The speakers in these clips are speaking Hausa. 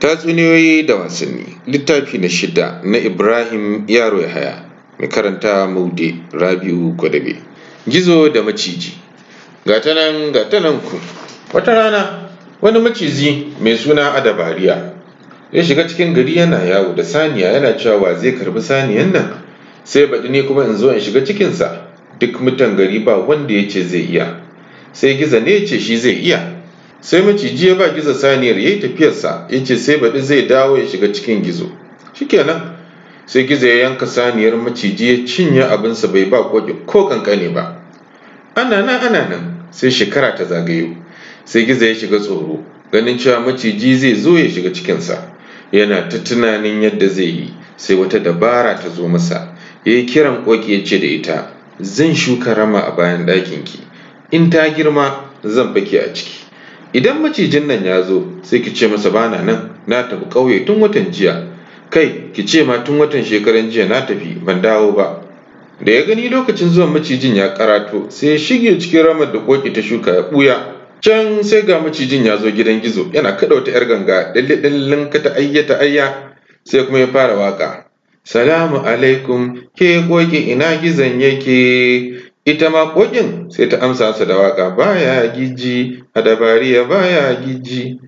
Tatsuniyoyi da Wasanni littafi na shida na Ibrahim Yaro Haya mai karanta Maude Rabi'u Gwadabe. Gizo da Maciji Ga ta nan ga ta nan ku, wata rana wani maciji mai suna Adabariya ya shiga cikin gari yana yawo da saniya yana cewa wa zai karbi saniyan nan sai baɗi ne kuma in zo in shiga cikinsa duk mutan gari ba wanda ya ce zai iya sai gizo ne ya ce shi zai iya sai maciji ya ba gizo saniyar ya yi tafiyarsa ya ce sai baɗi zai dawo ya shiga cikin gizo shikenan sai gizo ya yanka saniyar maciji ya cinye abinsa bai ba koki ko kankane ba ana nan ana nan sai shekara ta zagayo sai gizo ya shiga tsoro ganin cewa maciji zai zo ya shiga cikinsa yana ta tunanin yadda zai yi sai wata dabara ta zo masa ya yi kiran koki ya ce da ita zan shuka rama a bayan ɗakinki in ta girma zan fake a ciki idan macijin nan ya zo sai ki ce masa bana nan na tafi ƙauye tun watan jiya kai ki ce ma tun watan shekaran jiya na tafi ban dawo ba da ya gani lokacin zuwan macijin ya karato sai ya shige cikin ramar da koki ta shuka ya buya can sai ga macijin ya zo gidan gizo yana kaɗa wata yar ganga dalle dallen ka ta ayya ta ayya sai kuma ya fara waka salamu alaikum ke koki ina gizon yake Ita ma ƙugin sai ta amsa masa da waƙa baya giji adabariya baya giji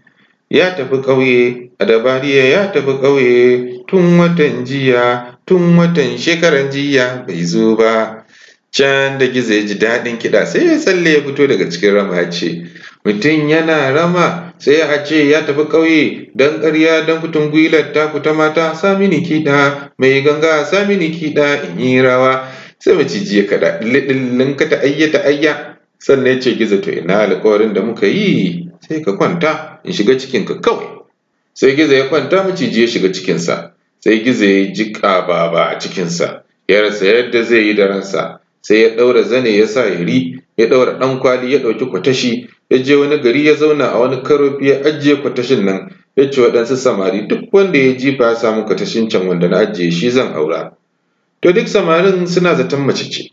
ya tafi ƙauye a dabariya ya tafi ƙauye tun watan jiya tun watan shekaran jiya bai zo ba. Can da gizo ya ji daɗin kiɗa sai ya tsalle ya fito daga cikin rama ya ce mutum yana rama sai a ce ya tafi ƙauye don ƙarya don fitin gwilar ta mata sa mini kiɗa mai ganga sa mini kiɗa in yi rawa sai maciji ya kada ɗillin ka ta'ayya ta'ayya sannan ya ce gizo to ina alkawarin da muka yi sai ka kwanta in shiga cikinka kawai sai gizo ya kwanta maciji ya shiga cikinsa sai gizo ya ji ba a cikinsa ya rasa yadda zai yi da ransa sai ya ɗaura zane ya sa yari ya ɗaura ɗan kwali ya ɗauki kwatashi ya je wani gari ya zauna a wani karofi ya ajiye kwatashin nan ya ce waɗansu samari duk wanda ya jifa ya samu kwatashin can wanda na ajiye shi zan aura to duk samarin suna zaton mace ce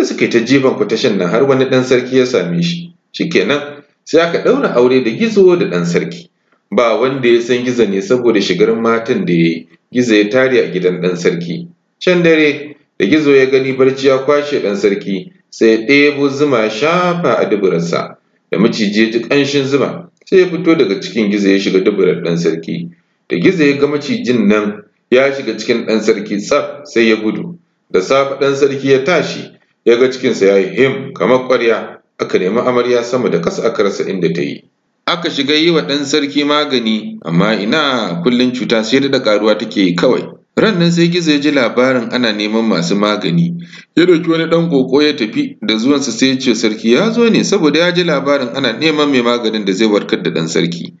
sai suka yi ta jifan kwatashin nan har wani ɗan sarki ya same shi shikenan sai aka ɗaura aure da gizo da ɗan sarki ba wanda ya san gizo ne saboda shigar matan da ya yi gizo ya tare a gidan ɗan sarki can dare da gizo ya gani barci ya kwashe ɗan sarki sai ya ɗebo zuma shafa a duburarsa da maciji ya ji ƙanshin zuma sai ya fito daga cikin gizo ya shiga duburar ɗan sarki da gizo ya ga macijin nan ya shiga cikin ɗan sarki tsaf sai ya gudu da safe ɗan sarki ya tashi ya ga cikinsa ya yi him kamar ƙwarya aka nemi amarya sama da kasa aka rasa inda ta yi aka shiga yi wa ɗan sarki magani amma ina kullum cuta sai da ƙaruwa take yi kawai ran nan sai gizo ya ji labarin ana neman masu magani ya ɗauki wani ɗan koko ya tafi da zuwansa sai ya ce sarki ya zo ne saboda ya ji labarin ana neman mai maganin da zai warkar da ɗan sarki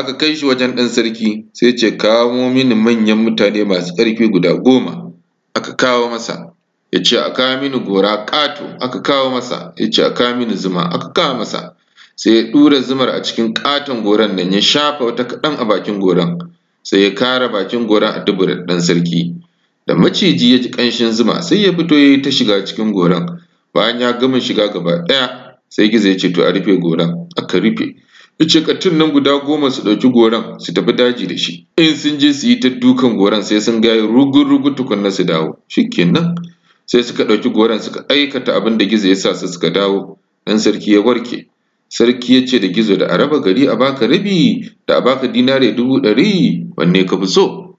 Aka kai shi wajen ɗan sarki, sai ce, Kawo mini manyan mutane masu ƙarfi guda goma, aka kawo masa, ya ce, A kawo mini gora ƙato, aka kawo masa, ya ce, A kawo mini zuma, aka kawo masa, sai ya ɗura zumar a cikin ƙaton goran nan ya shafa wata kaɗan a bakin goran, sai ya kara bakin goran a duburar ɗan sarki. Da maciji ya ji ƙanshin zuma, sai ya fito ya yi ta shiga cikin goran, bayan ya gama shiga gaba ɗaya, sai gizo ya ce, To a rufe goran aka rufe. Ice katun nan guda goma su ɗauki goran, su tafi daji da shi. In sun je su yi ta dukan goran sai sun gaya rugu-rugu tukunna su dawo. Shikenan sai suka ɗauki goran suka aikata abin da gizo ya sa su suka dawo. Dan sarki ya warke. Sarki ya ce da gizo da a raba gari a baka rabi da a baka dinare dubu ɗari wanne ka fi so.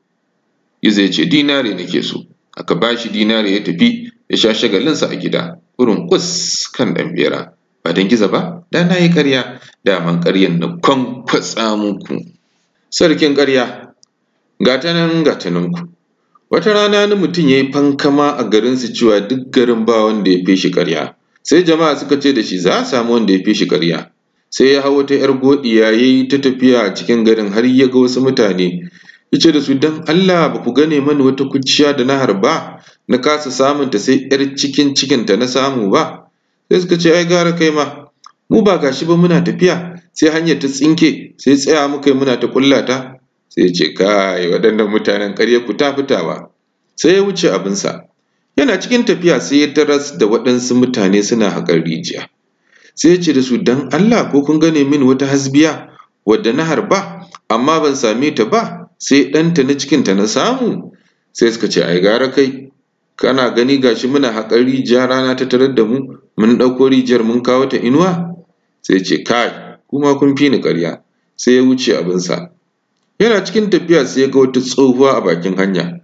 Gizo ya ce dinare nake so. Aka ba shi dinare ya tafi ya sha shagalinsa a gida. Kurun kus kan ɗan bera. ba don gizo ba da na yi ƙarya man ƙaryan na kwankwatsa muku sarkin ƙarya gatanan nan gata nan ku wata rana ni mutum ya yi fankama a garinsu cewa duk garin ba wanda ya fi shi ƙarya sai jama'a suka ce da shi za a samu wanda ya fi shi ƙarya sai ya hau wata ‘yar godiya ya yi ta tafiya a cikin garin har ya ga wasu mutane ya ce da su don Allah ba ku gane mani wata kuciya da na harba na kasa samunta sai ‘yar cikin cikinta na samu ba sai suka ce ai gara kai ma mu ba gashi ba muna tafiya sai hanyar ta tsinke sai tsaya muka yi muna ta kulla ta sai ce kai waɗannan mutanen ƙarya ku ta fitawa sai ya wuce abinsa yana cikin tafiya sai ya taras da waɗansu mutane suna haƙar rijiya sai ya ce da su dan Allah ko kun gane min wata hasbiya wadda na harba amma ban same ta ba sai ɗanta na cikinta na samu sai suka ce ai gara kai kana gani ga shi muna haƙar rijiya rana ta tarar da mu mun ɗauko rijiyar mun kawo ta inuwa sai ce kai kuma kun fi ni ƙarya sai ya wuce abinsa yana cikin tafiya sai ya ga wata tsohuwa a bakin hanya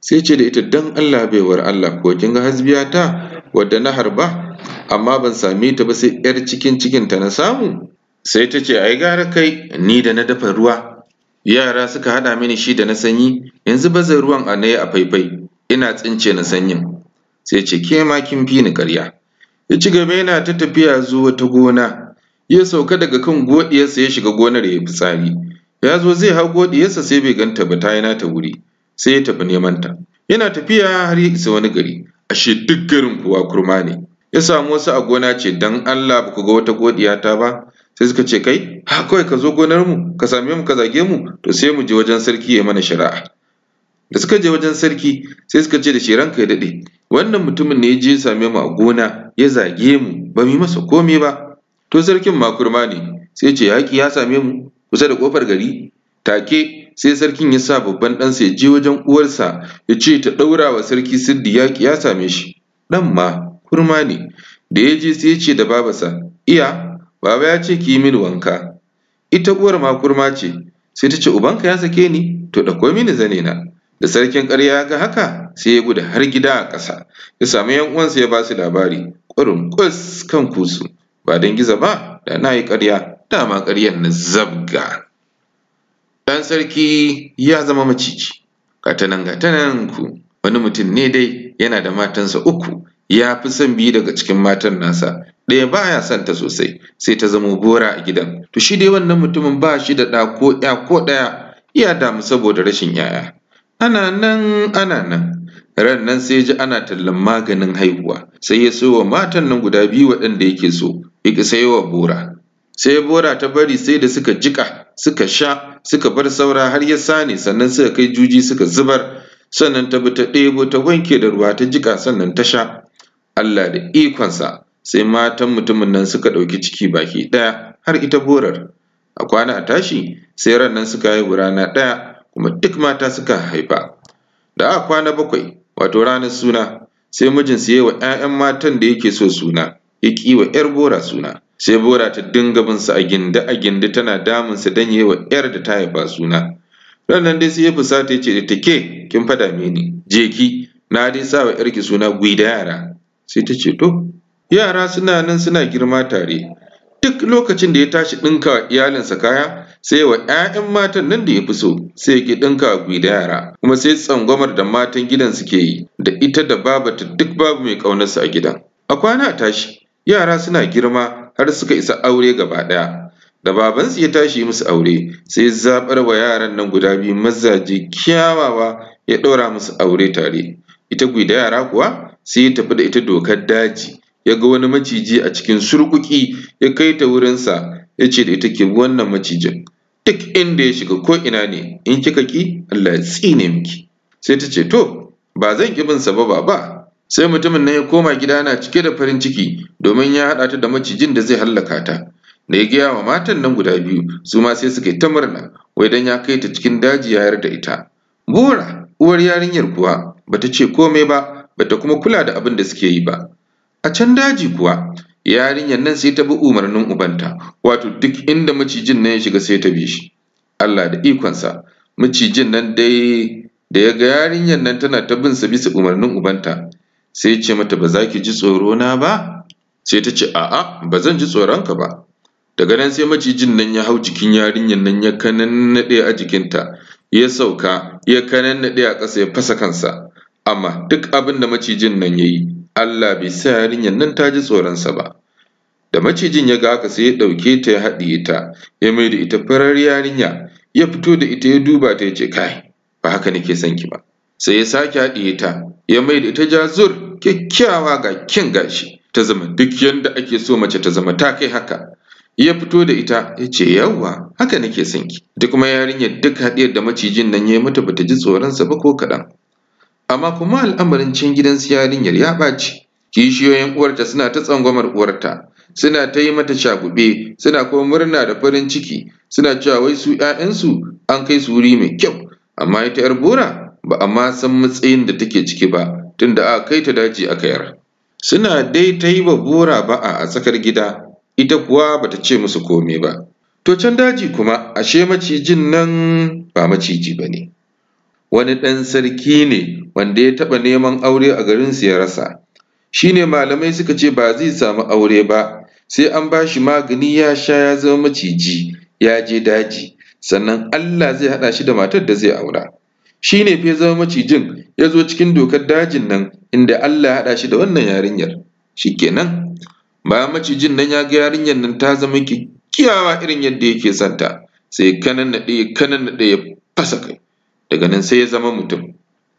sai ce da ita dan Allah baiwar Allah ko kin ga hasbiyata wadda na harba amma ban same ta ba sai yar cikin cikin ta na samu sai ta ce ai gara kai ni da na dafa ruwa yara suka haɗa mini shi da na sanyi yanzu baza ruwan a nayi a faifai ina tsince na sanyin sai ce ke ma kin fi ni ƙarya ya ci gaba yana ta tafiya zuwa ta gona ya sauka daga kan godiyarsa ya shiga gonar ya fi fitsari ya zo zai hau godiyarsa sai bai ganta ba ta yi nata wuri sai ya tafi neman ta yana tafiya har ya isa wani gari ashe duk garin kuwa kurma ne ya samu wasu a gona ce dan Allah ba ku ga wata godiya ta ba sai suka ce kai ha kawai ka zo gonar mu ka same mu ka zage mu to sai mu je wajen sarki ya yi mana shari'a da suka je wajen sarki sai suka ce da shi ranka ya daɗe wannan mutumin ne ya je same mu a gona ya zage mu ba mu yi masa komai ba to sarkin makurma ne sai ce yaƙi ya same mu kusa da ƙofar gari take sai sarkin ya sa babban ɗansa ya je wajen uwarsa ya ce ta ɗaura wa sarki sirdi yaƙi ya same shi ɗan ma kurma ne da ya je sai ya ce da babasa, iya baba ya ce ki yi mini wanka ita uwar makurma ce sai ta ce ubanka ya sake ni to da mini zane na Da sarkin ƙarya ga haka sai ya gudu har gida a ƙasa, ya sami ‘yan uwansa ya ba su labari, ƙwarin ƙus kan kusu, ba don gizo ba da na yi ƙarya, dama ƙaryar na zabga. Ɗan sarki ya zama maciji, gatanan gatanan ku, wani mutum ne dai yana da matansa uku, ya fi son biyu daga cikin matan nasa, ɗaya ba ya son ta sosai, sai ta zamo bora a gidan. To shi dai wannan mutumin ba shi da ɗa ko ɗaya ko ɗaya, ya damu saboda rashin ‘ya'ya. Ana nan ana nan, ran nan sai ya ji ana tallan maganin haihuwa, sai ya sayo wa matan nan guda biyu waɗanda yake so, ya sayo wa Bora. Sai Bora ta bari sai da suka jiƙa, suka sha, suka bar saura har ya sani sannan suka kai juji suka zubar, sannan ta bi ta ɗebo ta wanke da ruwa ta jiƙa sannan ta sha. Allah da ikonsa, sai matan mutumin nan suka ɗauki ciki baki ɗaya har ita borar. A kwana a tashi, sai ran nan suka haihu rana ɗaya kuma duk mata suka haifa. Da aka kwana bakwai wato ranar suna sai mijinsu ya yi wa ‘ya'yan matan da yake so suna, ya ƙi wa ‘yar Bora suna. Sai Bora ta dinga bin sa a gindi a gindi tana damunsa don ya yi wa ‘yar da ta haifa suna. Rannan dai sai ya fusata ya ce da take kin fada mini, je ki na dai sa wa ‘yarki suna gwida yara. Sai ta ce to, yara suna nan suna girma tare, duk lokacin da ya tashi ɗinka wa iyalinsa kaya sai wa ‘ya'yan matan nan da ya fi so sai ki ɗinka gwi da yara kuma sai tsangwamar da matan gidan suke yi da ita da babata duk babu mai ƙaunarsa a gidan. A kwana a tashi yara suna girma har suka isa aure gaba ɗaya. Da babansu ya tashi musu aure sai zaɓar wa yaran nan guda biyu mazaje kyawawa ya ɗora musu aure tare. Ita gwi da yara kuwa sai ya tafi da ita dokar daji ya ga wani maciji a cikin surkuki ya kai ta wurinsa ya ce da ita ke wannan macijin duk inda ya shiga ko ina ne in kika ki Allah ya tsine miki sai ta ce to ba zan ki bin sa ba baba sai mutumin nan ya koma gida yana cike da farin ciki domin ya haɗa ta da macijin da zai hallaka ta da ya gaya wa matan nan guda biyu su ma sai suka yi ta murna wai dan ya kai ta cikin daji ya da ita Bura! uwar yarinyar kuwa bata ce komai ba bata kuma kula da abin da suke yi ba a can daji kuwa yarinyar nan sai ta bi umarnin ubanta wato duk inda macijin nan ya shiga sai ta bi shi Allah da ikonsa macijin nan dai da ya ga yarinyar nan tana ta bin sa bisa umarnin ubanta sai ce mata ba za ki ji tsoro na ba sai ta ce a'a ba zan ji tsoronka ba daga nan sai macijin nan ya hau jikin yarinyar nan ya kanannaɗe a jikinta ya sauka ya kanannaɗe a ƙasa ya fasa kansa amma duk abin da macijin nan ya yi Allah bai sa yarinyar nan ta ji tsoronsa ba. Da macijin ya ga haka sai ya ɗauke ta ya haɗiye ta, ya mai da ita farar yarinya, ya fito da ita ya duba ta ya ce kai, ba haka nake son ki ba. Sai ya sake haɗiye ta, ya mai da ita jazur kyakkyawa ga kyan gashi, ta zama duk yanda ake so mace ta zama ta kai haka. Ya fito da ita ya ce yawwa haka nake son ki. Duk kuma yarinyar duk haɗiyar da macijin nan ya yi mata bata ji tsoronsa ba ko kaɗan. amma kuma al'amarin gidan su yarinyar ya ɓaci kishiyoyin uwarta suna ta tsangwamar uwarta suna ta yi mata shagube suna kuma murna da farin ciki suna cewa wai su 'ya'yansu an kai su wuri mai kyau amma ita 'yar bora ba a ma san matsayin da take ciki ba tunda aka kai ta daji aka yar suna dai ta yi wa bora ba'a a tsakar gida ita kuwa ba ta ce musu komai ba to can daji kuma ashe macijin nan ba maciji ba ne wani ɗan sarki ne wanda ya taɓa neman aure a garinsu ya rasa shi ne malamai suka ce ba zai samu aure ba sai an ba shi magani ya sha ya zama maciji ya je daji sannan Allah zai haɗa shi da matar da zai aura shi ne fa zama macijin ya zo cikin dokar dajin nan inda Allah ya haɗa shi da wannan yarinyar shi kenan bayan macijin nan ya ga yarinyar nan ta zama kyakkyawa irin yadda yake santa sai kanan naɗe kanan naɗe ya fasa kai daga nan sai ya zama mutum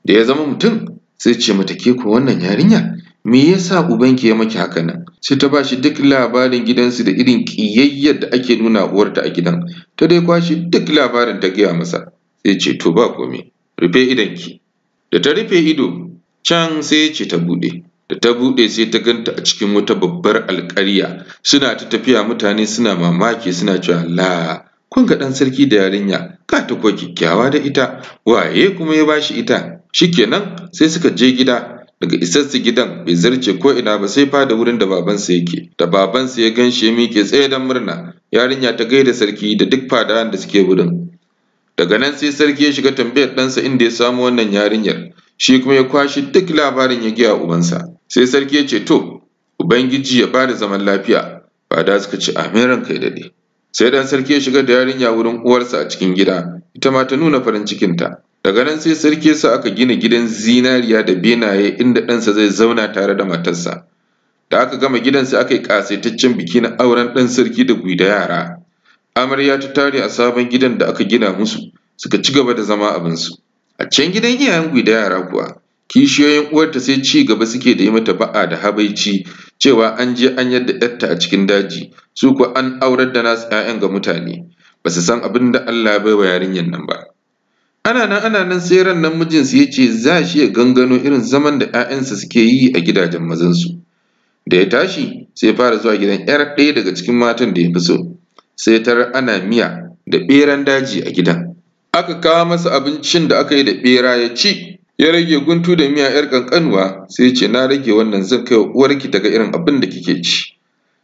da ya zama mutum sai ce mata ke ko wannan yarinya me yasa ubanki ya maki haka nan sai ta bashi duk labarin gidansu da irin ƙiyayyar da ake nuna uwarta a gidan ta dai kwashe duk labarin ta gaya masa sai ce to ba komai rufe idonki da ta rufe ido can sai ya ce ta buɗe da ta buɗe sai ta ganta a cikin wata babbar alƙarya suna ta tafiya mutane suna mamaki suna cewa la kun ga ɗan sarki da yarinya ga ta kuwa kyakkyawa da ita waye kuma ya bashi ita Shi shikenan sai suka je gida daga isassu gidan bai zarce ko ina ba sai fada wurin da babansa yake da babansa ya gan shi ya miƙe tsaye don murna yarinya ta gaida sarki da duk fadawan da suke wurin daga nan sai sarki ya shiga tambayar ɗansa inda ya samu wannan yarinyar shi kuma ya kwashe duk labarin ya gaya ubansa sai sarki ya ce to ubangiji ya bada zaman lafiya fada suka ce amin ranka ya daɗe Sai ɗan sarki ya shiga da yarinya wurin uwarsa a cikin gida, ita ma ta nuna farin cikinta. Daga nan sai sarki ya sa aka gina gidan zinariya da benaye inda ɗansa zai zauna tare da matarsa. Da aka gama gidan sai aka yi ƙasaitaccen biki na auren ɗan sarki da gwi da yara. Amarya ta tare a sabon gidan da aka gina musu, suka ci gaba da zama abinsu. A can gidan iyayen gwi da yara kuwa, kishiyoyin uwarta sai ci gaba suke da yi mata ba'a da habaici cewa an je an yadda da ‘yarta a cikin daji, su kuwa an aurar da nasu ‘ya'yan ga mutane, ba su san abin da Allah ya bai wa yarinyar nan ba. Ana nan ana nan sai ran nan mijinsu ya ce za shi ya gangano irin zaman da ‘ya'yansa suke yi a gidajen mazansu. Da ya tashi sai ya fara zuwa gidan ‘yar ɗaya daga cikin matan da ya fi so, sai tarar ana miya da ɓeran daji a gidan. Aka kawo masa abincin da aka yi da ɓera ya ci, Ya rage guntu da miya ‘yar ƙanƙanuwa, sai yace ce na rage wannan zan kai wa uwarki daga irin abin da kike ci.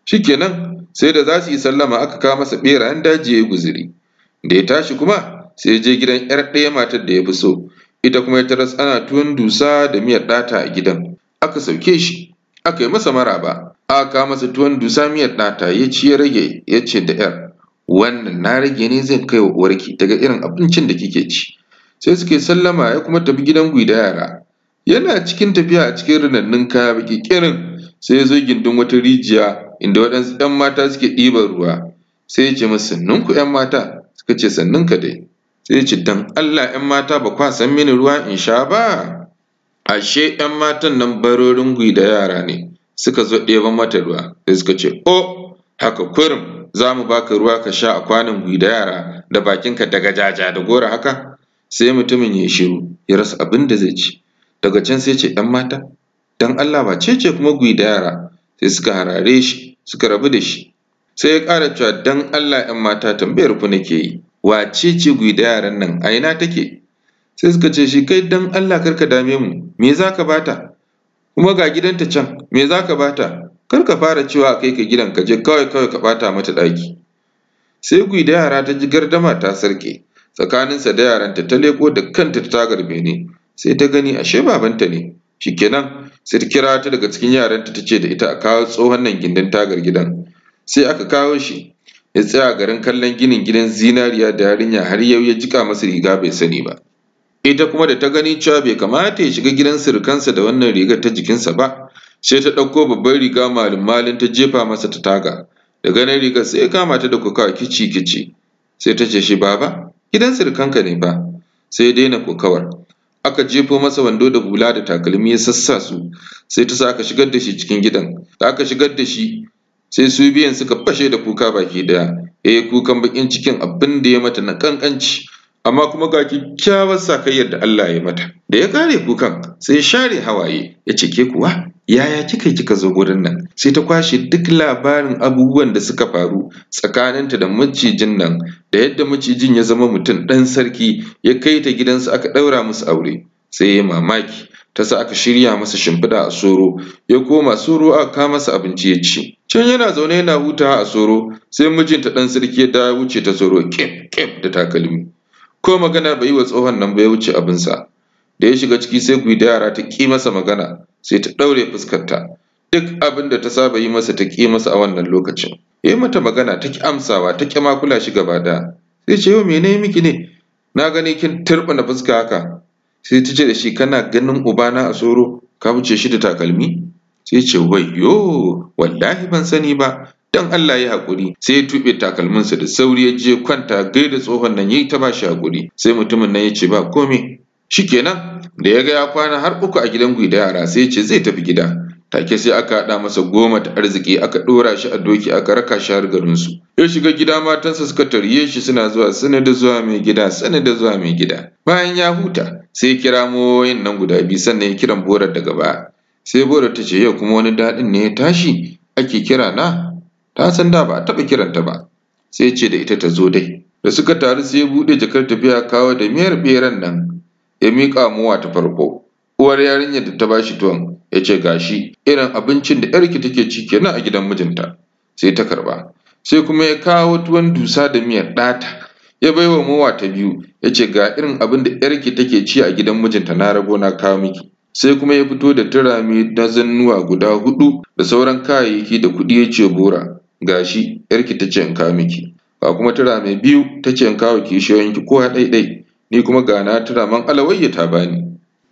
Shikenan, sai da za su yi sallama aka kawo masa ɓerayen daji ya yi guziri. Da ya tashi kuma sai yaje je gidan ‘yar ɗaya matar da ya fi so, ita kuma ya ras ana tuwon dusa da miyar ɗata a gidan. Aka sauke shi, aka yi masa maraba, aka kawo masa tuwon dusa miyar ɗata ya ci ya rage ya da ‘yar. Wannan na rage ne zan kai wa uwarki daga irin abincin da kike ci. sai suke sallama ya kuma tafi gidan gwi da yara yana cikin tafiya a cikin rinannun kaya baƙi ƙirin sai ya zo gindin wata rijiya inda waɗansu ‘yan mata suke ɗiban ruwa sai ya ce musu sannun ku ‘yan mata suka ce sannun ka dai sai ya ce dan Allah ‘yan mata ba kwa san mini ruwa in sha ba ashe ‘yan matan nan barorin gwi da yara ne suka zo ɗeban mata ruwa sai suka ce o haka kurum za mu baka ruwa ka sha a kwanon gwi da yara da bakinka daga jaja da goro haka Sai mutumin ya shiru, ya rasa abin da zai ci. Daga can sai ce ‘yan mata, don Allah wace ce kuma da yara? Sai suka harare shi, suka rabu da shi. Sai ya ƙara cewa don Allah ‘yan mata tambayar ku nake yi, wace ce yaran nan a ina take? Sai suka ce shi kai don Allah karka dame mu, me za ka bata? Kuma ga gidanta can, me za ka bata? Kar ka fara cewa kai ka gidan ka je kawai kawai ka ɓata mata ɗaki. Sai da yara ta ji gardama ta sarƙe, tsakaninsa da yaranta ta leƙo da kanta ta tagar bene sai ta gani ashe babanta ne shikenan sai ta kira ta daga cikin yaranta ta ce da ita a kawo tsohon nan gindin tagar gidan sai aka kawo shi ya tsaya garin kallon ginin gidan zinariya da yarinya har yau ya jika masa riga bai sani ba ita kuma da ta gani cewa bai kamata ya shiga gidan sirkansa da wannan rigar ta jikinsa ba sai ta ɗauko babban riga malin malin ta jefa masa ta taga da ganin rigar sai ya kama ta da kuka kici kici sai ta ce shi baba Gidan ka ne ba sai ya daina kokawar. Aka jefo masa wando da hula da takalmi ya sassa su, sai ta sa aka shigar da shi cikin gidan. Da aka shigar da shi, sai su biyan suka fashe da kuka baki ɗaya. Ya eh, yi kukan bakin cikin abin da ya mata na ƙanƙanci. amma kuma ga kyakkyawar sakayyar da Allah ya mata. Da ya kare kukan sai share hawaye ya cike kuwa yaya kika kika zo gurin nan sai ta kwashe duk labarin abubuwan da suka faru tsakaninta da macijin nan da yadda macijin ya zama mutum ɗan sarki ya kai ta gidansu aka ɗaura musu aure sai ya mamaki ta sa aka shirya masa shimfiɗa a soro ya koma soro aka ka masa abinci ya ci can yana zaune yana hutawa a soro sai mijinta ɗan sarki ya dawo wuce ta soro kif kif da takalmi ko magana bai yi wa tsohon nan ba ya wuce abinsa. Da ya shiga ciki sai ku da yara ta ƙi masa magana sai ta ɗaure fuskarta. Duk abin da ta saba yi masa ta ƙi masa a wannan lokacin. Ya yi mata magana ta ƙi amsawa ta ƙi ma kula shi gaba ɗaya. Sai ce yau mene miki ne? Na gani kin turɓana fuska haka. Sai ta ce da shi kana ganin ubana a soro ka wuce shi da takalmi? Sai ce wayyo wallahi ban sani ba dan Allah ya hakuri, sai ya tuɓe takalminsa da sauri ya je kwanta gaida tsohon nan yayi ta bashi hakuri. sai mutumin nan ya ce ba komai shikenan da ya ga ya kwana har uku a gidan gwi da yara sai ya ce zai tafi gida take sai aka haɗa masa goma ta arziki aka ɗora shi a doki aka raka shi har garin su ya shiga gida matansa suka tarye shi suna zuwa sani da zuwa mai gida sani da zuwa mai gida bayan ya huta sai kira yin nan guda biyu sannan ya kiran borar daga baya sai borar ta ce yau kuma wani daɗin ne ya tashi ake kira na ta san da ba a taɓa kiranta ba sai ce da ita ta zo dai da suka taru sai ya buɗe jakar tafiya kawo da miyar ɓeran nan ya miƙa muwa ta farko uwar yarinyar da ta ba shi tuwon ya ce gashi irin abincin da yarki take ci kenan a gidan mijinta sai ta karba sai kuma ya kawo tuwon dusa da miyar ɗata ya bai wa mowa ta biyu ya ce ga irin abin da yarki take ci a gidan mijinta na rabo na kawo miki sai kuma ya fito da turami na zannuwa guda huɗu da sauran kayayyaki da kuɗi ya ce bora gashi ‘yarki ta ce in kawo miki, ga kuma tura mai biyu ta ce in kawo kishiyoyinki kowa ɗai-ɗai, ni kuma ga na tura man alawayya ta bani.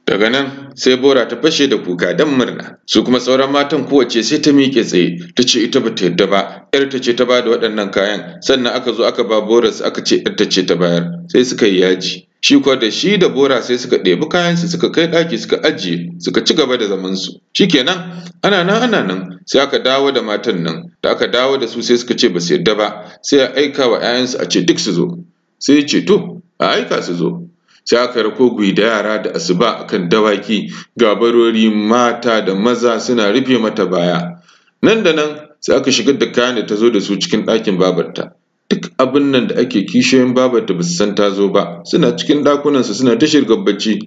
Daga nan sai Bora ta fashe da kuka don murna, su kuma sauran matan kowace sai ta miƙe tsaye ta ce ita ba ta yarda ba, ‘yar ta ce ta ba da waɗannan kayan, sannan aka zo aka ba Boras aka ce ‘yar ta ce ta bayar, sai suka yi yaji. Shi kuwa da shi da Bora sai suka ɗebi kayansu suka kai ɗaki suka ajiye suka ci gaba da zamansu. Shi kenan ana nan ana nan sai aka dawo da matan nan da aka dawo da su sai suka ce ba su yarda ba sai a aika wa ‘ya'yansu a ce duk su zo. Sai ya ce to a aika su zo. Sai aka rako gwi da yara da asuba akan dawaki gabarori mata da maza suna rufe mata baya. Nan da nan sai aka shigar da kayan da ta zo da su cikin ɗakin babarta. duk abin nan da ake kishiyoyin babata ba su san ta zo ba, suna cikin ɗakunansu suna ta shirgar bacci.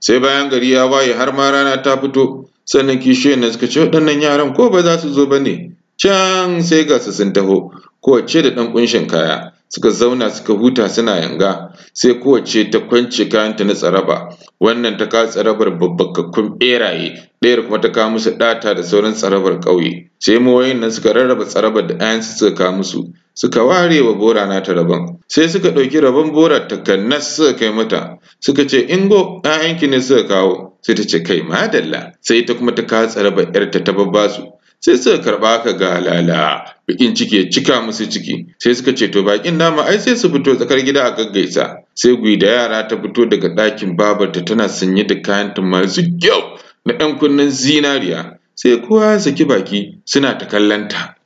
Sai bayan gari ya waye har ma rana ta fito, sannan kishiyoyin nan suka ce waɗannan yaran ko ba za su zo ba ne, can sai ga su sun taho, kowacce da ɗan ƙunshin kaya. Suka zauna suka huta suna yanga, sai kowacce ta kwance kayanta na tsaraba, wannan ta kawo tsarabar babbakakkun ɓeraye, ɗayar kuma ta kawo musu ɗata da sauran tsarabar ƙauye. Sai mawayin nan suka rarraba tsarabar da su suka kawo musu, suka ware wa bora ta rabon sai suka ɗauki rabon bora ta takannas suka kai mata suka ce ingo ‘ya'yanki ne suka kawo sai ta ce kai madalla sai ta kuma ta katsa raba ‘yarta ta babbasu sai suka karɓa ka ga lala bikin ciki ya cika musu ciki sai suka ce to bakin nama ai sai su fito tsakar gida a gaggaisa sai gwi da yara ta fito daga ɗakin babarta tana sanye da kayan masu kyau na ɗan kunnen zinariya sai kowa ya saki baki suna ta kallon ta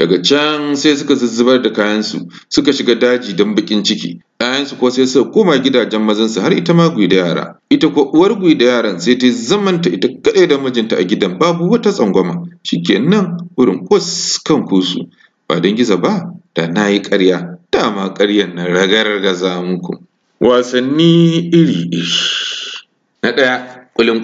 Daga can sai suka zuzzubar da kayansu suka shiga daji don baƙin ciki, ‘ya'yansu ko sai suka koma gidajen mazansu har ita ma da yara. Ita ko uwar da yaran sai ta zamanta ita kaɗai da mijinta a gidan babu wata tsangwama, shi nan wurin kus kan kusu. Ba don giza ba, da na yi ƙarya, dama ƙaryan na ga zamuku Wasanni iri-iri. Na ɗaya, ƙulin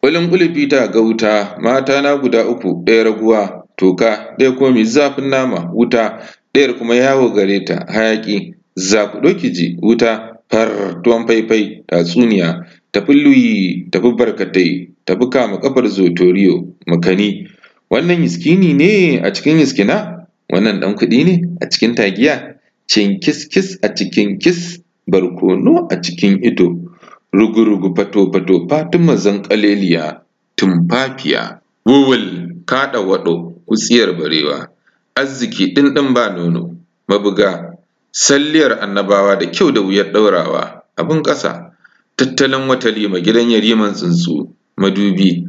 ƙulifita. ga wuta, mata na guda uku, ɗaya raguwa, toka, ɗaya kuma mai zafin nama wuta, ɗayar kuma yawo gare ta hayaƙi, ku ɗauki ji wuta far tuwon faifai tatsuniya, tafi luyi tafi barkatai tafi kama kafar zotoriyo makani. Wannan yiskini ne a cikin yiskina, wannan ɗan kuɗi ne a cikin tagiya, Cin cinkiskis a cikin kis, barkono a cikin ido, rugu-rugu fato-fato Fatima zanƙaleliya tumfafiya, wuwul kaɗa waɗo kutsiyar barewa, azziki ɗin ba nono, mabuga, salliyar annabawa da kyau da wuyar ɗaurawa, abin ƙasa, tattalin Watalima gidan yariman tsuntsu, madubi,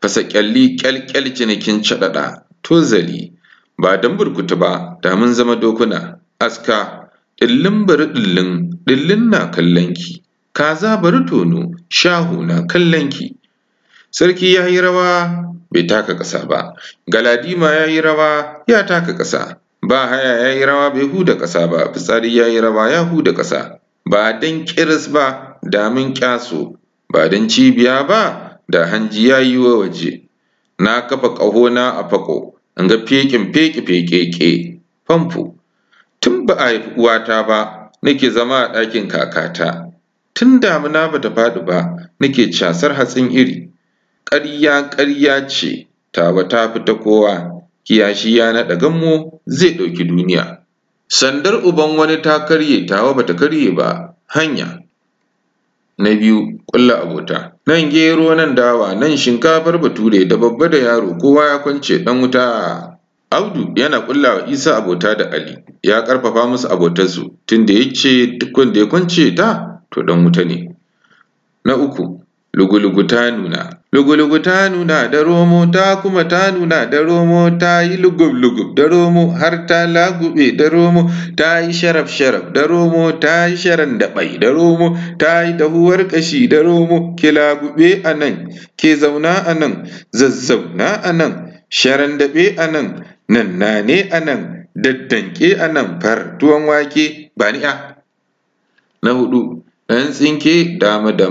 fasa ƙyalli kyalkyal cinikin caɗaɗa, tozali, ba don burkutu ba da zama dokuna, aska, ɗillin bari ɗillin, ɗillin na kallon ki, kaza bari tono, shahu na kallon ki. Sarki ya yi rawa bai taka ƙasa ba, Galadima ya yi rawa ya taka ƙasa, ba haya ya yi rawa bai huda ƙasa ba, fitsari ya yi rawa ya huda ƙasa, ba don ƙiris ba damin ƙyaso, ba don cibiya ba da hanji ya yi wa waje. Na kafa ƙahona a faƙo, in ga feƙin feƙe feƙeƙe, famfo. Tun ba a haifi uwata ba, nake zama a ɗakin kakata. Tun damina ba ta faɗi ba, nake casar hatsin iri. ƙarya ƙarya ce, Taba ta fi ta kowa, kiyashi ya naɗa gammo zai ɗauki duniya. Sandar uban wani ta karye tawa bata karye ba, hanya. Na biyu, ƙulla abota. Nan gero nan dawa, nan shinkafar bature da babba da yaro kowa ya kwance ɗan wuta. Audu yana ƙulla wa Isa abota da Ali, ya ƙarfafa musu abotarsu, tunda ya ce duk wanda ya kwance ta, to ɗan wuta ne. Na uku, lugu ta nuna, lugu ta nuna da romo ta kuma ta nuna da romo ta yi lugub-lugub da romo har ta lagube da romo ta yi sharaf-sharaf da romo ta yi sharan daɓai da romo ta yi dahuwar ƙashi da romo ke lagube a nan ke zauna a nan zazzauna a nan sharan daɓe a nan nannane a nan daddanke a nan far tuwon wake ba ni'a. Na hudu, ɗan tsinke dama da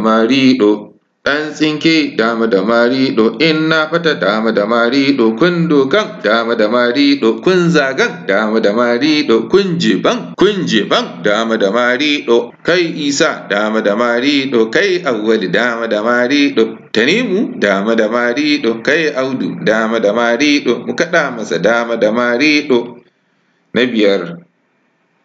do. Ɗan tsinke dama da do inna fata dama da do kun dokan dama da do kun zagan dama da do kun jiban kun jiban dama da do kai isa dama da do kai awwali dama da do tanimu dama da do kai audu dama da do mu kaɗa masa dama da do na biyar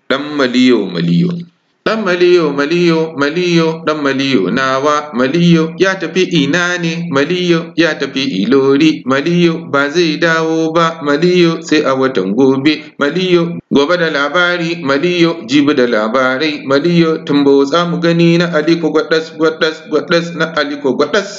ɗan maliyo maliyo ɗan maliyo maliyo maliyo ɗan maliyo nawa maliyo ya tafi ina ne maliyo ya tafi ilori maliyo ba zai dawo ba maliyo sai a watan gobe maliyo gobe da labari maliyo jibi da labarai maliyo tumbo za mu gani na aliko gwadas gwadas gwadas na aliko gwadas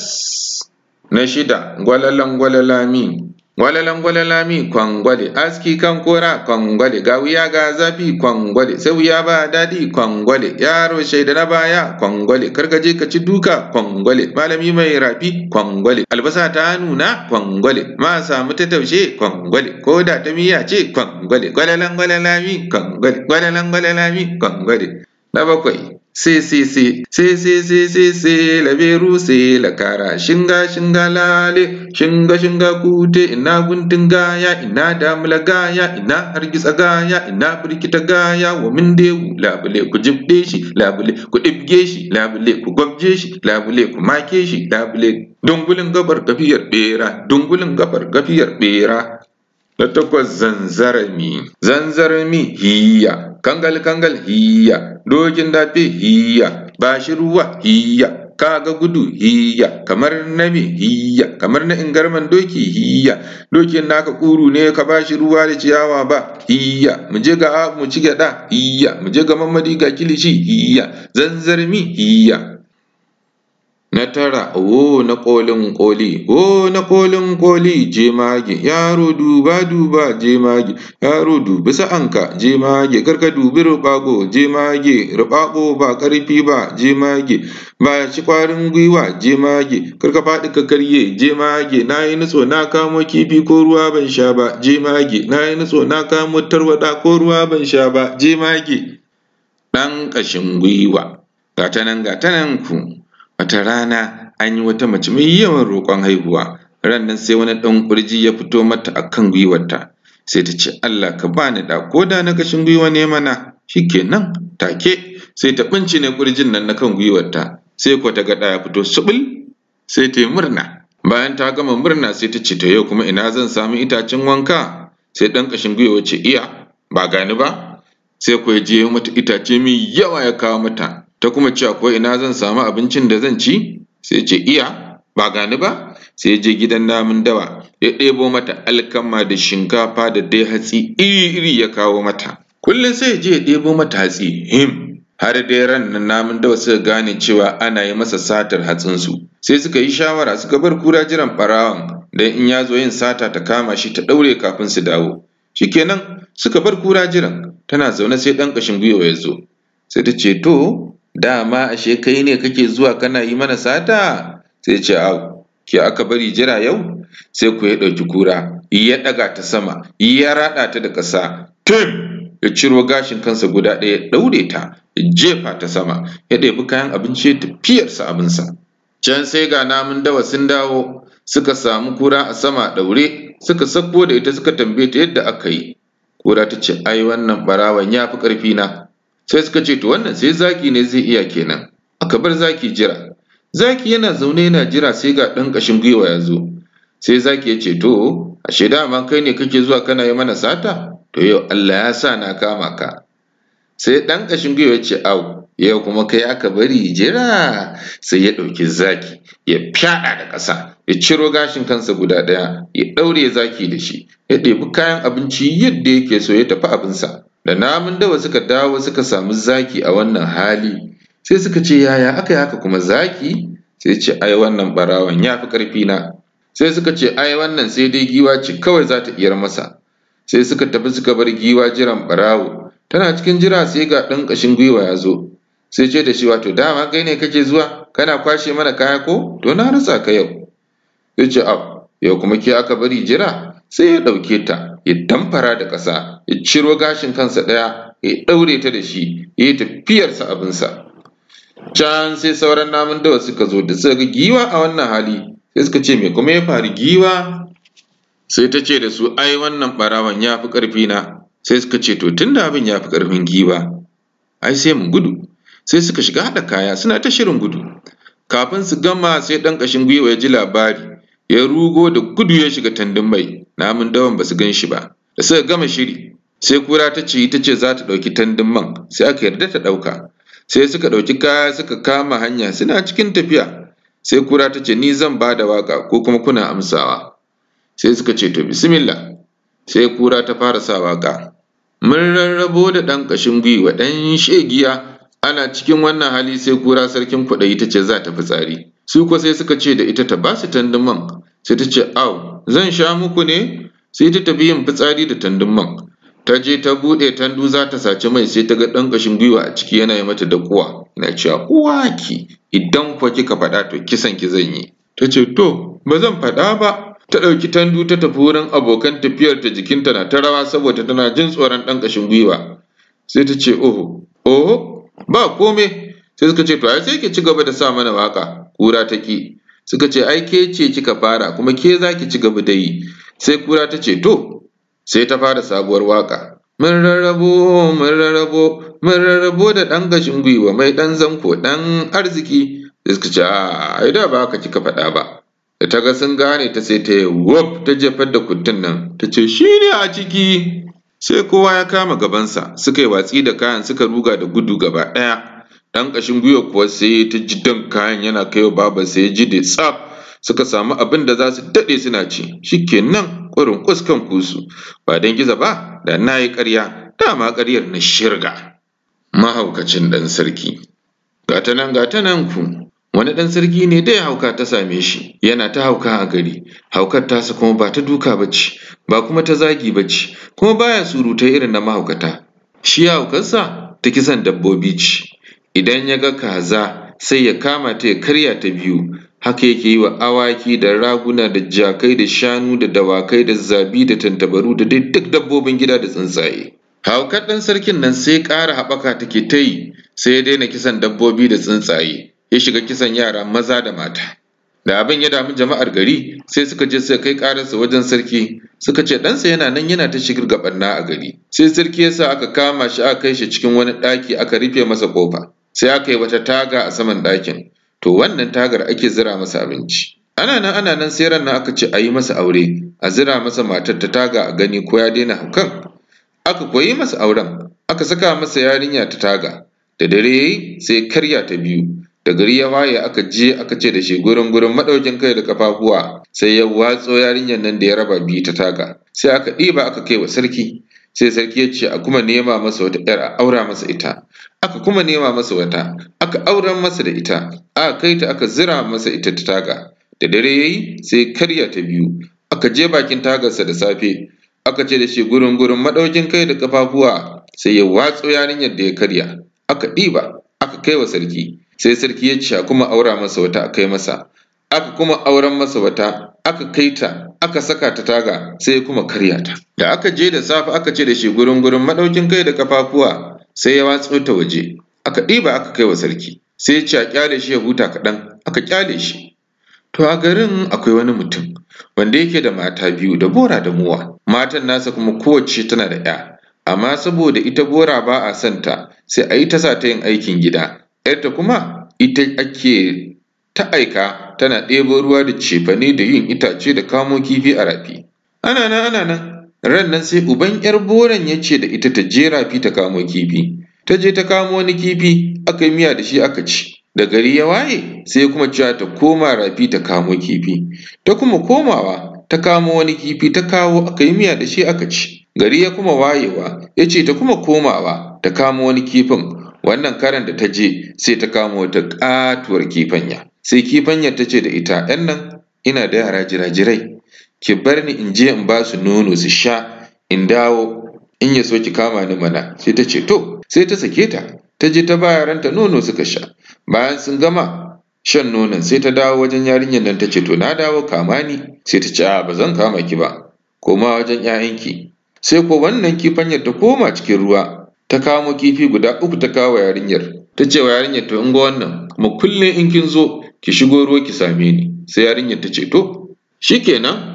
na shida gwalalan gwalalami Gwalalan gwalalami kwangwale, aski kan kora kwangwale, ga wuya ga zafi kwangwale, sai wuya ba daɗi kwangwale, yaro shaida na baya kwangwale, karkaje ka ci duka kwangwale, malami mai rafi kwangwale, albasa ta nuna kwangwale, ma samu ta taushe kwangwale, ko da ta miya ce kwangwale, gwalalan gwalalami kwangwale, kwangwale. Na bakwai se se se, se se se se se laberu se lakara shinga shinga lale shinga shinga kute ina guntun gaya ina damula gaya ina hargitsa gaya ina birkita gaya wa min dewu labule ku jibde shi labule ku dibge shi labule ku gwabje shi labule ku make shi labule dungulin gabar gafiyar bera dungulin gabar gafiyar bera Na takwas zanzarami. Zanzarami hiya, kangal kangal hiya, dokin dafe hiya, bashi ruwa hiya, kaga gudu hiya kamar na hiya kamar na ingarman doki hiya dokin naka kuru ne ka bashi ruwa da ciyawa ba hiya mu je ga mu ci gyada hiya mu je ga mamadi ga kilishi hiya Zanzarami hiya Na tara wo na kolin koli? wo na ƙolin ƙoli jemage, yaro duba duba jemage, yaro dubi sa'anka jemage, kar ka dubi ruɓago jemage, Rubago ba ƙarfi ba jemage, ba shi ƙwarin gwiwa jemage, kar ka faɗi ka karye jemage, na yi nutso na kamo kifi ko ruwa ban sha ba jemage, na yi nutso na kamo tarwaɗa ko ruwa ban sha ba jemage. Ɗan ƙashin gwiwa, ga ta nan ga ta nan ku. Wata rana an yi wata mace mai yawan roƙon haihuwa, ran nan sai wani ɗan ƙurji ya fito mata a kan gwiwarta, sai ta ce Allah ka ba ni ɗa ko da na ƙashin gwiwa ne mana, shi kenan take sai ta ɓuncine ƙurjin nan na kan gwiwarta, sai kuwa ta ga ya fito suɓul sai ta yi murna. Bayan ta gama murna sai ta ce to yau kuma ina zan samu itacen wanka? Sai ɗan ƙashin gwiwa ce iya, ba gani ba? Sai kuwa ya je mata itace mai yawa ya kawo mata, ta kuma cewa ko ina zan samu abincin da zan ci sai ce iya ba gani ba sai je gidan namun dawa ya ɗebo mata alkama da shinkafa da dai hatsi iri ya kawo mata kullum sai je ya ɗebo mata hatsi him har dai ran nan namun dawa suka gane cewa ana yi masa satar hatsinsu sai suka yi shawara suka bar kura jiran barawon, don in ya zo yin sata ta kama shi ta ɗaure kafin su dawo shikenan suka bar kura jiran tana zaune sai ɗan ƙashin gwiwa ya zo sai ta ce to dama ashe kai ne kake zuwa kana yi mana sata? Sai ce, ke aka bari jira yau? Sai ku ya ɗauki kura, ya ɗaga ta sama, ya raɗa ta da ƙasa, tim! Ya ciro gashin kansa guda ɗaya ɗaure ta, ya jefa ta sama, ya ɗebi kayan abinci ya tafiyarsa abinsa. Can sai ga namun dawa sun dawo, suka samu kura a sama ɗaure, suka sakko da ita suka tambaye ta yadda aka yi. Kura ta ce, Ai, wannan ɓarawan ya fi ƙarfi na. sai suka ce to wannan sai zaki ne zai iya kenan aka bar zaki jira zaki yana zaune yana jira sai ga ɗan ƙashin gwiwa ya zo sai zaki ya ce to ashe dama kai ne kake zuwa kana yi mana sata to yau Allah ya sa na kama ka sai ɗan ƙashin gwiwa ya ce au yau kuma kai aka bari jira sai ya ɗauki zaki ya fyaɗa da ƙasa ya ciro gashin kansa guda ɗaya ya ɗaure zaki da shi ya ɗebi kayan abinci yadda yake so ya tafi abinsa Da namun dawa suka dawo suka samu zaki a wannan hali, sai suka ce yaya aka haka kuma zaki? Sai ce ai wannan barawan ya fi ƙarfina. Sai suka ce ai wannan sai dai giwa ce kawai za ta iyar masa. Sai suka tafi suka bar giwa jiran barawo. Tana cikin jira sai ga ɗan ƙashin gwiwa ya zo. Sai ce da shi wato dama kai ne kake zuwa kana kwashe mana kaya ko? To na rasa ka yau. Sai ce ab, yau kuma ke aka bari jira? Sai ya ɗauke ta. ya damfara da ƙasa, ya ciro gashin kansa ɗaya, ya ɗaure ta da shi, ya yi tafiyarsa abinsa. Can sai sauran namun dawa suka zo da suka ga giwa a wannan hali, sai suka ce me kuma ya faru giwa? Sai ta ce da su ai wannan ɓarawan ya fi ƙarfi na, sai suka ce to tun da abin ya fi ƙarfin giwa, ai sai mu gudu. Sai suka shiga haɗa kaya suna ta shirin gudu. Kafin su gama sai ɗan ƙashin gwiwa ya ji labari, ya rugo da gudu ya shiga tandun mai namun dawan ba su gan shi ba. Da suka gama shiri, sai kura ta ce ita ce za ta ɗauki tandun man, sai aka yarda ta ɗauka. Sai suka ɗauki kaya suka kama hanya suna cikin tafiya. Sai kura ta ce ni zan ba da waƙa ko kuma kuna amsawa. Sai suka ce to bismillah. Sai kura ta fara sa waƙa. Mun rarrabo da ɗan ƙashin gwiwa ɗan shegiya ana cikin wannan hali sai kura sarkin kwaɗayi ta ce za ta fitsari. Su kuwa sai suka ce da ita ta ba su tandun man Sai ta ce, Au, zan sha muku ne? Sai ta tafi yin fitsari da tandun man. Ta je ta buɗe tandu za ta saci mai sai ta ga ɗan ƙashin gwiwa a ciki yana yi mata da kuwa. Na cewa uwa ki, idan kwa kika faɗa to kisan ki zan yi. Ta ce, To, ba zan faɗa ba. Ta ɗauki tandu ta tafi wurin abokan tafiyar ta jikinta na ta rawa saboda tana jin tsoron ɗan ƙashin gwiwa. Sai ta ce, Oho, oho, ba kome. Sai suka ce, To, ai sai ki ci gaba da sa mana waƙa. Kura ta ki. Suka ce, Ai, ke ce kika fara kuma ke za ki ci gaba da yi. Sai kura ta ce, To, sai ta fara sabuwar waƙa. Mun rarrabo, mun rarrabo, mun rarrabo da ɗan gashin gwiwa mai ɗan zanko ɗan arziki. Sai suka ce, A, da ba haka kika faɗa ba. Da ta ga sun gane ta sai ta yi wuf ta jefar da kuttun nan. Ta ce, Shi ne a ciki. Sai kowa ya kama gabansa, suka yi watsi da kayan suka ruga da gudu gaba ɗaya. Ɗan ƙashin gwiwa kuwa sai ta ji don kayan yana kai kaiwa sai ya ji da tsaf suka samu abin da za su daɗe suna ci shi kenan ƙurin kuskan kusu ba don gizo ba da na yi ƙarya dama ƙaryar na shirga. Mahaukacin ɗan sarki. Gata nan gata nan ku wani ɗan sarki ne dai hauka ta same shi yana ta hauka a gari haukar tasa kuma ba ta duka ba ce ba kuma ta zagi ba ce kuma baya surutai irin na mahaukata shi haukarsa ta kisan dabbobi ce Idan ya ga kaza sai ya kama ta ya karya ta biyu, haka yake yi wa awaki da raguna da jakai da shanu da dawakai da zabi da tantabaru da dai duk dabbobin gida da tsuntsaye. Haukar ɗan sarkin nan sai ƙara haɓaka take ta yi, sai ya daina kisan dabbobi da tsuntsaye, ya shiga kisan yara maza da mata. Da abin ya damu jama'ar gari sai suka je suka kai ƙararsa wajen sarki suka ce ɗansa yana nan yana ta shigar gaɓanna a gari. Sai sarki ya sa aka kama shi aka kai shi cikin wani ɗaki aka rufe masa ƙofa. sai aka yi wata taga a saman ɗakin to wannan tagar ake zira masa abinci ana nan ana nan sai ran nan aka ce a yi masa aure a zira masa matar ta taga a gani ko ya daina haukan aka koyi masa auren aka saka masa yarinya ta taga da dare yayi sai karya ta biyu da gari ya waye aka je aka ce da shi gurin gurin madaukin kai da kafafuwa sai ya watso yarinyar nan da ya raba biyu ta taga sai aka ɗiba aka kai wa sarki sai sarki ya ce a kuma nema masa wata ‘yar a aura masa ita aka kuma nema masa wata aka auren masa da ita aka kai ta aka zira masa ita ta taga da dare yayi sai karya ta biyu aka je bakin tagarsa da safe aka ce da shi gurin gurin madaukin kai da kafafuwa sai ya watso yarinyar da ya karya aka ɗiba aka kai wa sarki sai sarki ya ce a kuma aura masa wata a kai masa aka kuma auren masa wata aka kai ta aka saka ta taga sai kuma karya ta da aka je da safe aka ce da shi gurin gurin maɗaukin kai da kafafuwa sai ya watso ta waje aka ɗiba aka kai wa sarki sai ya ce a kyale shi ya huta kaɗan aka kyale shi to a garin akwai wani mutum wanda yake da mata biyu da bora da muwa matan nasa kuma kowacce tana da ya amma saboda ita bora ba a son ta sai a yi ta sa ta yin aikin gida yarta kuma ita ake ta aika tana ɗebo ruwa da cefane da yin itace da kamo kifi a rafi. Ana nan ana nan, ran nan sai uban ‘yar boran ya ce da ita ta je rafi ta kamo kifi. Ta je ta kamo wani kifi aka yi miya da shi aka ci. Da gari ya waye sai kuma cewa ta koma rafi ta kamo kifi. Ta kuma komawa ta kamo wani kifi ta kawo aka yi miya da shi aka ci. Gari ya kuma wayewa ya ce ta kuma komawa ta kamo wani kifin wannan karan da ta je sai ta kamo wata ƙatuwar kifanya. Sai kifanyar ta ce da ita, ‘yan nan ina da yara jirajirai. ki bar ni in je in ba su nono su sha, in dawo, in ya so ki kama ni mana. Sai ta ce to, sai ta sake ta, ta je ta ba yaranta nono suka sha. Bayan sun gama shan nonon sai ta dawo wajen yarinyar nan ta ce to na dawo kama ni, sai ta ce a ba zan kama ki ba, koma wajen ‘ya'yanki. Sai ko wannan kifanyar ta koma cikin ruwa, ta kamo kifi guda uku ta kawo yarinyar. Ta ce wa yarinyar to in ga wannan, kuma kullum in kin zo ki shigo ruwa ki same ni, sai yarinyar ta ce to, shi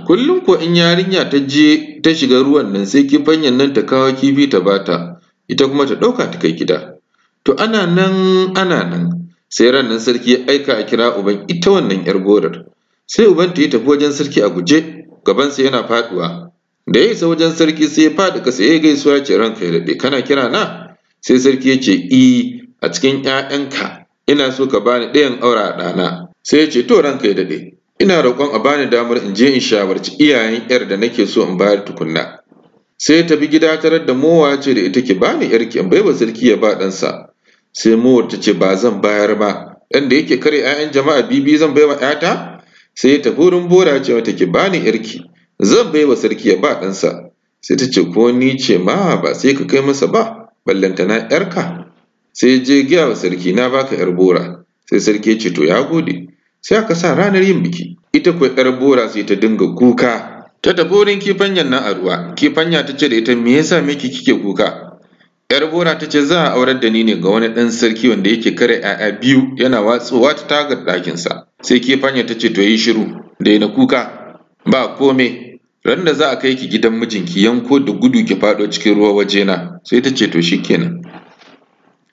kullum ko in yarinya ta je ta shiga ruwan nan sai ki kifanyan nan ta kawo kifi ta bata, ita kuma ta ɗauka ta kai gida. To ana nan ana nan, sai ran nan sarki ya aika a kira uban ita wannan ‘yar gorar. Sai uban ta yi tafi wajen sarki a guje, gaban sa yana faɗuwa. Da ya isa wajen sarki sai ya faɗi ƙasa ya gaisuwa ce ranka ya daɗe, kana kira na? Sai sarki ya ce, I, eh, a cikin ‘ya'yanka ina so ka bani ɗayan aura ɗana. Sai ya ce to ranka ya daɗe, ina roƙon a bani damar in je in shawarci iyayen ‘yar da nake so in bayar tukunna. Sai ta bi gida tarar da mowa ce da ita ke bani ‘yarki in baiwa sarki ya ba ɗansa. Sai mowar ta ce ba zan bayar ba, ɗan da yake kare ‘ya'yan jama'a bibi zan baiwa ‘yata? Sai ya tafi wurin bora ce mata ke bani ‘yarki, zan baiwa sarki ya ba ɗansa. Sai ta ce ko ni ce ma ba sai ka kai masa ba, ballantana ‘yarka. sai je gaya wa sarki na baka ‘yar bora, sai sarki ya ce to ya gode, sai aka sa ranar yin biki. Ita kuwa ‘yar bora sai ta dinga kuka, ta tafi wurin kifanyan nan a ruwa, kifanya ta ce da ita me yasa miki kike kuka? ‘Yar bora ta ce za a aurar da ni ne ga wani ɗan sarki wanda yake kare ‘ya'ya biyu yana watsowa ta tagar ɗakinsa. Sai kifanya ta ce to yi shiru, daina kuka, ba kome, ran da za a kai ki gidan mijinki yanko da gudu ki faɗo cikin ruwa wajena sai ta ce to shikenan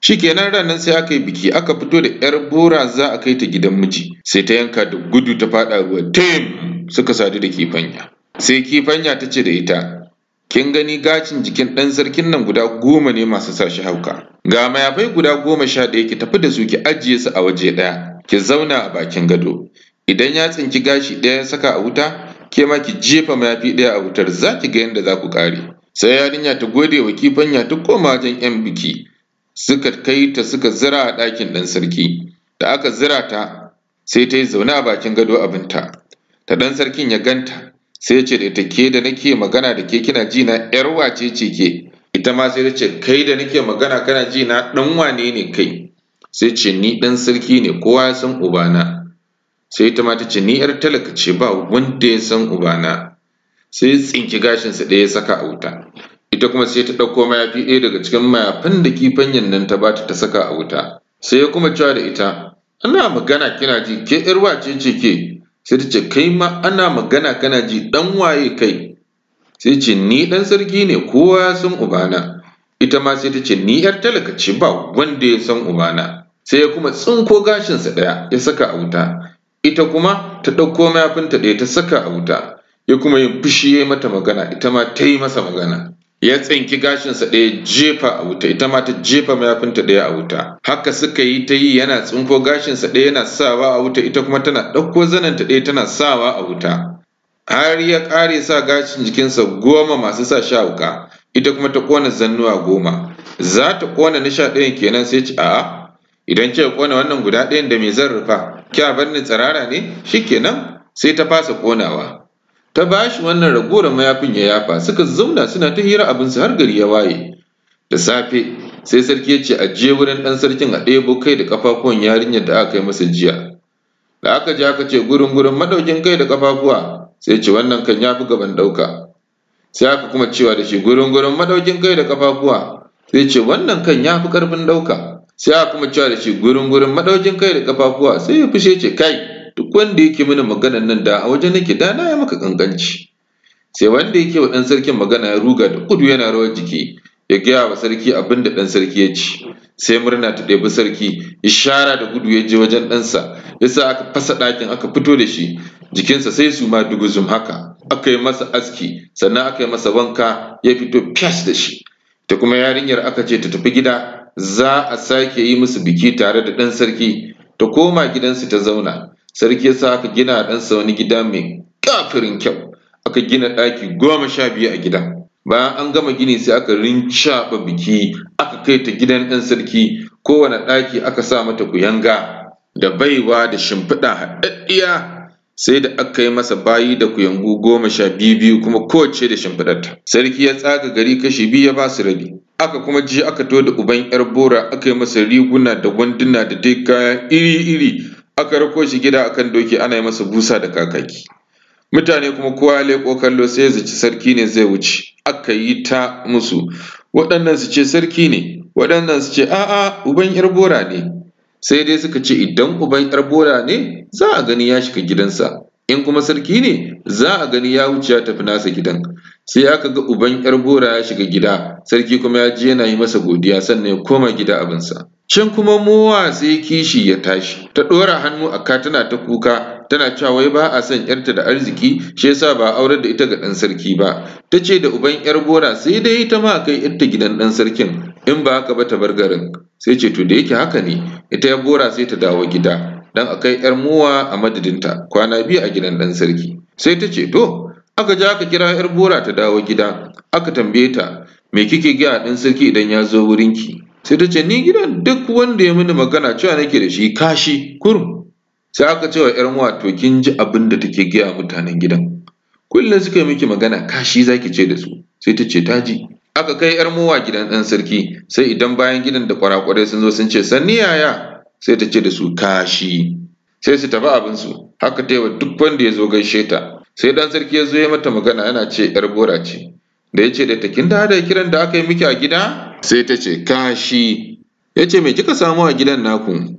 Shikenan ran nan sai aka yi biki aka fito da ‘yar bora za a kai ta gidan miji, sai ta yanka da gudu ta faɗa ruwa tim suka sadu da kifanya. Sai kifanya ta ce da ita, kin gani gacin jikin ɗan sarkin nan guda goma ne masu sa shi hauka. Ga mayafai guda goma sha ɗaya ki tafi da su ki ajiye su a waje ɗaya, ki zauna a bakin gado. Idan ya tsinki gashi ɗaya ya saka a wuta, ke ma ki jefa mayafi ɗaya a wutar za ki ga yadda za ku ƙare. Sai yarinya ta gode wa kifanya ta koma wajen ‘yan biki. suka kai ta suka zira a ɗakin ɗan sarki da aka zira ta sai ta yi zaune a bakin gado abinta da ɗan sarkin ya ganta sai ya ce da ita ke da nake magana da ke kina ji na ‘yar wace ce ke ita ma sai ta ce kai da nake magana kana ji na ɗan wane ne kai sai ce ni ɗan sarki ne kowa ya san ubana sai ita ma ta ce ni ‘yar talaka ce ba wanda ya san ubana sai tsinki gashinsa ɗaya ya saka a wuta Ita kuma sai ta ɗauko mayafi ɗaya daga cikin mayafin da kifan nan ta bata ta saka a wuta. Sai ya kuma cewa da ita, ana magana kina ji ke ƴar wace ce ke? Sai ta ce, kai ma ana magana kana ji ɗan waye kai? Sai ce, ni ɗan sarki ne kowa ya san ubana. Ita ma sai ta ce, ni ƴar talaka ba wanda ya san ubana. Sai ya kuma tsinko gashinsa ɗaya ya saka a wuta. Ita kuma ta ɗauko mayafinta ɗaya ta saka a wuta. Ya kuma yi fushi ya mata magana, ita ma ta yi masa magana. ya tsinki gashinsa ɗaya jefa a wuta ita ma ta jefa mayafinta ɗaya a wuta haka suka yi ta yi yana tsinko gashinsa ɗaya yana sawa a wuta ita kuma tana ɗauko zananta ɗaya tana sawa a wuta har ya ƙare sa gashin jikinsa goma masu sa sha wuka ita kuma ta ƙona zannuwa goma za ta ƙona na sha ɗayan kenan sai ci a'a idan kika ƙona wannan guda ɗayan da me zan rufa kya bar ni tsirara ne shikenan sai ta fasa ƙonawa ta bashi wannan ragowar mayafin ya yafa suka zauna suna ta hira abinsu har gari ya waye da safe sai sarki ya ce a je wurin ɗan sarkin a ɗebo kai da ƙafafuwan yarinyar da aka yi masa jiya da aka je aka ce gurin gurin maɗaukin kai da ƙafafuwa sai ce wannan kan ya fi gaban ɗauka sai aka kuma cewa da shi gurin gurin maɗaukin kai da ƙafafuwa sai ce wannan kan ya fi ƙarfin ɗauka sai aka kuma cewa da shi gurin gurin maɗaukin kai da ƙafafuwa sai ya fushe ce kai duk wanda yake mana maganan nan da a waje nake da na yi maka ƙanƙanci sai wanda yake wa ɗan sarkin magana ya ruga da kudu yana rawar jiki ya gaya wa sarki abin da ɗan sarki ya ci sai murna ta ɗebi sarki ishara da gudu ya je wajen ɗansa ya sa aka fasa ɗakin aka fito da shi jikinsa sai su ma duguzum haka aka yi masa aski sannan aka yi masa wanka ya fito fiyas da shi ta kuma yarinyar aka ce ta tafi gida za a sake yi musu biki tare da ɗan sarki ta koma gidansu ta zauna sarki ya sa aka gina a ɗansa wani gida mai kafirin kyau aka gina ɗaki goma sha biyu a gida. bayan an gama gini sai aka rincaɓa biki aka kai ta gidan ɗan sarki kowane ɗaki aka sa mata kuyanga da baiwa da shimfiɗa haɗaɗɗiya sai da aka yi masa bayi da kuyangu goma sha biyu biyu kuma kowace da shimfiɗarta sarki ya tsaga gari kashi biyu ya ba su rabi aka kuma je aka to da uban yar bora aka yi masa riguna da wanduna da dai kaya iri iri aka rako shi gida akan doki ana yi masa busa da kakaki mutane kuma kowa ya leƙo kallo sai ya ci sarki ne zai wuce aka yi ta musu waɗannan su ce sarki ne waɗannan su ce a'a uban yar bora ne sai dai suka ce idan uban yar bora ne za a gani ya shiga gidansa in kuma sarki ne za a gani ya wuce ya tafi nasa gidan sai aka ga uban yar bora ya shiga gida sarki kuma ya je yana yi masa godiya sannan ya koma gida abinsa can kuma mowa sai kishi ya tashi ta ɗora hannu a tana ta kuka tana cewa wai ba a son yarta da arziki shi yasa ba a aurar da ita ga ɗan sarki ba ta ce da uban yar bora sai dai ita ma kai yarta gidan ɗan sarkin in ba haka ba ta bar garin sai ce to da yake haka ne ita yar bora sai ta dawo gida don a kai ‘yar mowa a madadinta kwana biyu a gidan ɗan sarki. Sai ta ce, To, aka ja aka kira ‘yar bora ta dawo gida, aka tambaye ta, me kike gaya ɗan sarki idan ya zo wurinki? Sai ta ce, Ni gidan duk wanda ya mini magana cewa nake da shi kashi kurum. Sai aka ce wa ‘yar mowa to kin ji abin da take gaya mutanen gidan. Kullum suka yi miki magana kashi zaki ce da su. Sai ta ce, Ta ji. Aka kai ‘yar mowa gidan ɗan sarki, sai idan bayan gidan da kwarakwarai sun zo sun ce, Sanni yaya, sai ta ce da su kashi sai su tafi abinsu haka ta yi wa duk wanda ya zo gaishe ta sai dan sarki ya zo ya mata magana yana ce yar bora ce da ya ce da ta kin da kiran da aka yi miki a gida sai ta ce kashi ya ce me kika samu a gidan naku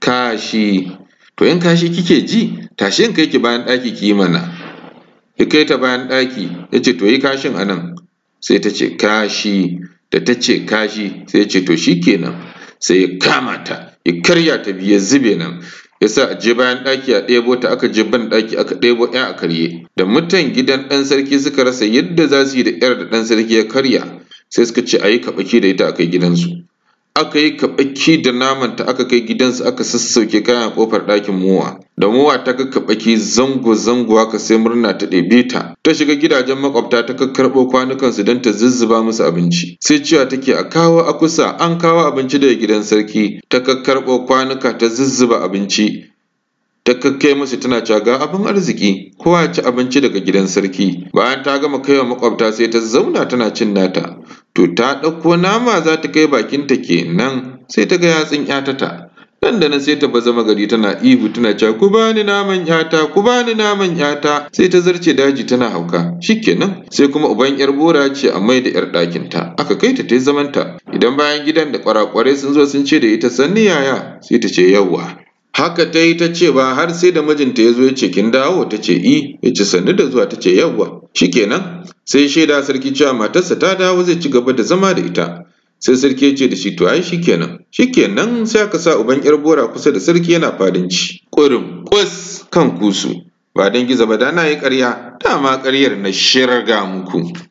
kashi to in kashi kike ji tashi in kai ki bayan ɗaki ki yi mana Ki kai ta bayan ɗaki ya ce to yi kashin a nan sai ta ce kashi da ta ce kashi sai ya ce to shi kenan sai ya kama ta ya karya ta biya zube nan ya sa a je bayan ɗaki a ɗebo ta aka je ban ɗaki aka ɗebo ya a karye da mutan gidan ɗan sarki suka rasa yadda za su yi da yar da ɗan sarki ya karya sai suka ce a yi kaɓaki da ita a kai gidansu aka yi kaɓaki da naman ta aka kai gidansu aka sassauke kayan ƙofar ɗakin Mowa, da Mowa ta kakkaɓaki zango-zango haka sai murna ta ɗebe ta ta shiga gidajen makwabta ta kakkarɓo su don ta zuzzuba musu abinci sai cewa take a kawo a kusa an kawo abinci daga gidan sarki ta kakkarɓo kwanuka ta zuzzuba abinci ta kakkai musu tana cewa ga abin arziki kowa ci abinci daga gidan sarki bayan ta gama kaiwa makwabta sai ta zauna tana cin nata To ta ɗauko nama za ta kai bakinta kenan, sai ta ga yatsun ‘yatata. Nan da nan sai ta zama gari tana ihu tana cewa ku ba ni naman ‘yata, ku ba ni naman ‘yata, sai ta zarce daji tana hauka. kenan sai kuma uban ‘yar bora ce a mai da ‘yar ɗakinta, aka kai ta tai zamanta. Idan bayan gidan da ƙwarakwarai sun zo sun ce da ita sannu yaya, sai ta ce yauwa. Haka ta yi ta ce ba har sai da mijinta ya zo ya ce kin dawo ta ce i eh. ya ci sannu da zuwa ta ce yawwa shikenan sai shaida sarki cewa matarsa ta dawo zai ci gaba da zama da ita sai sarki ya ce da shi to ai shikenan shikenan sai aka sa uban yar bora kusa da sarki yana fadinci kurum kus kan kusu ba dan zaba ba da yi ƙarya dama karyar na shirga muku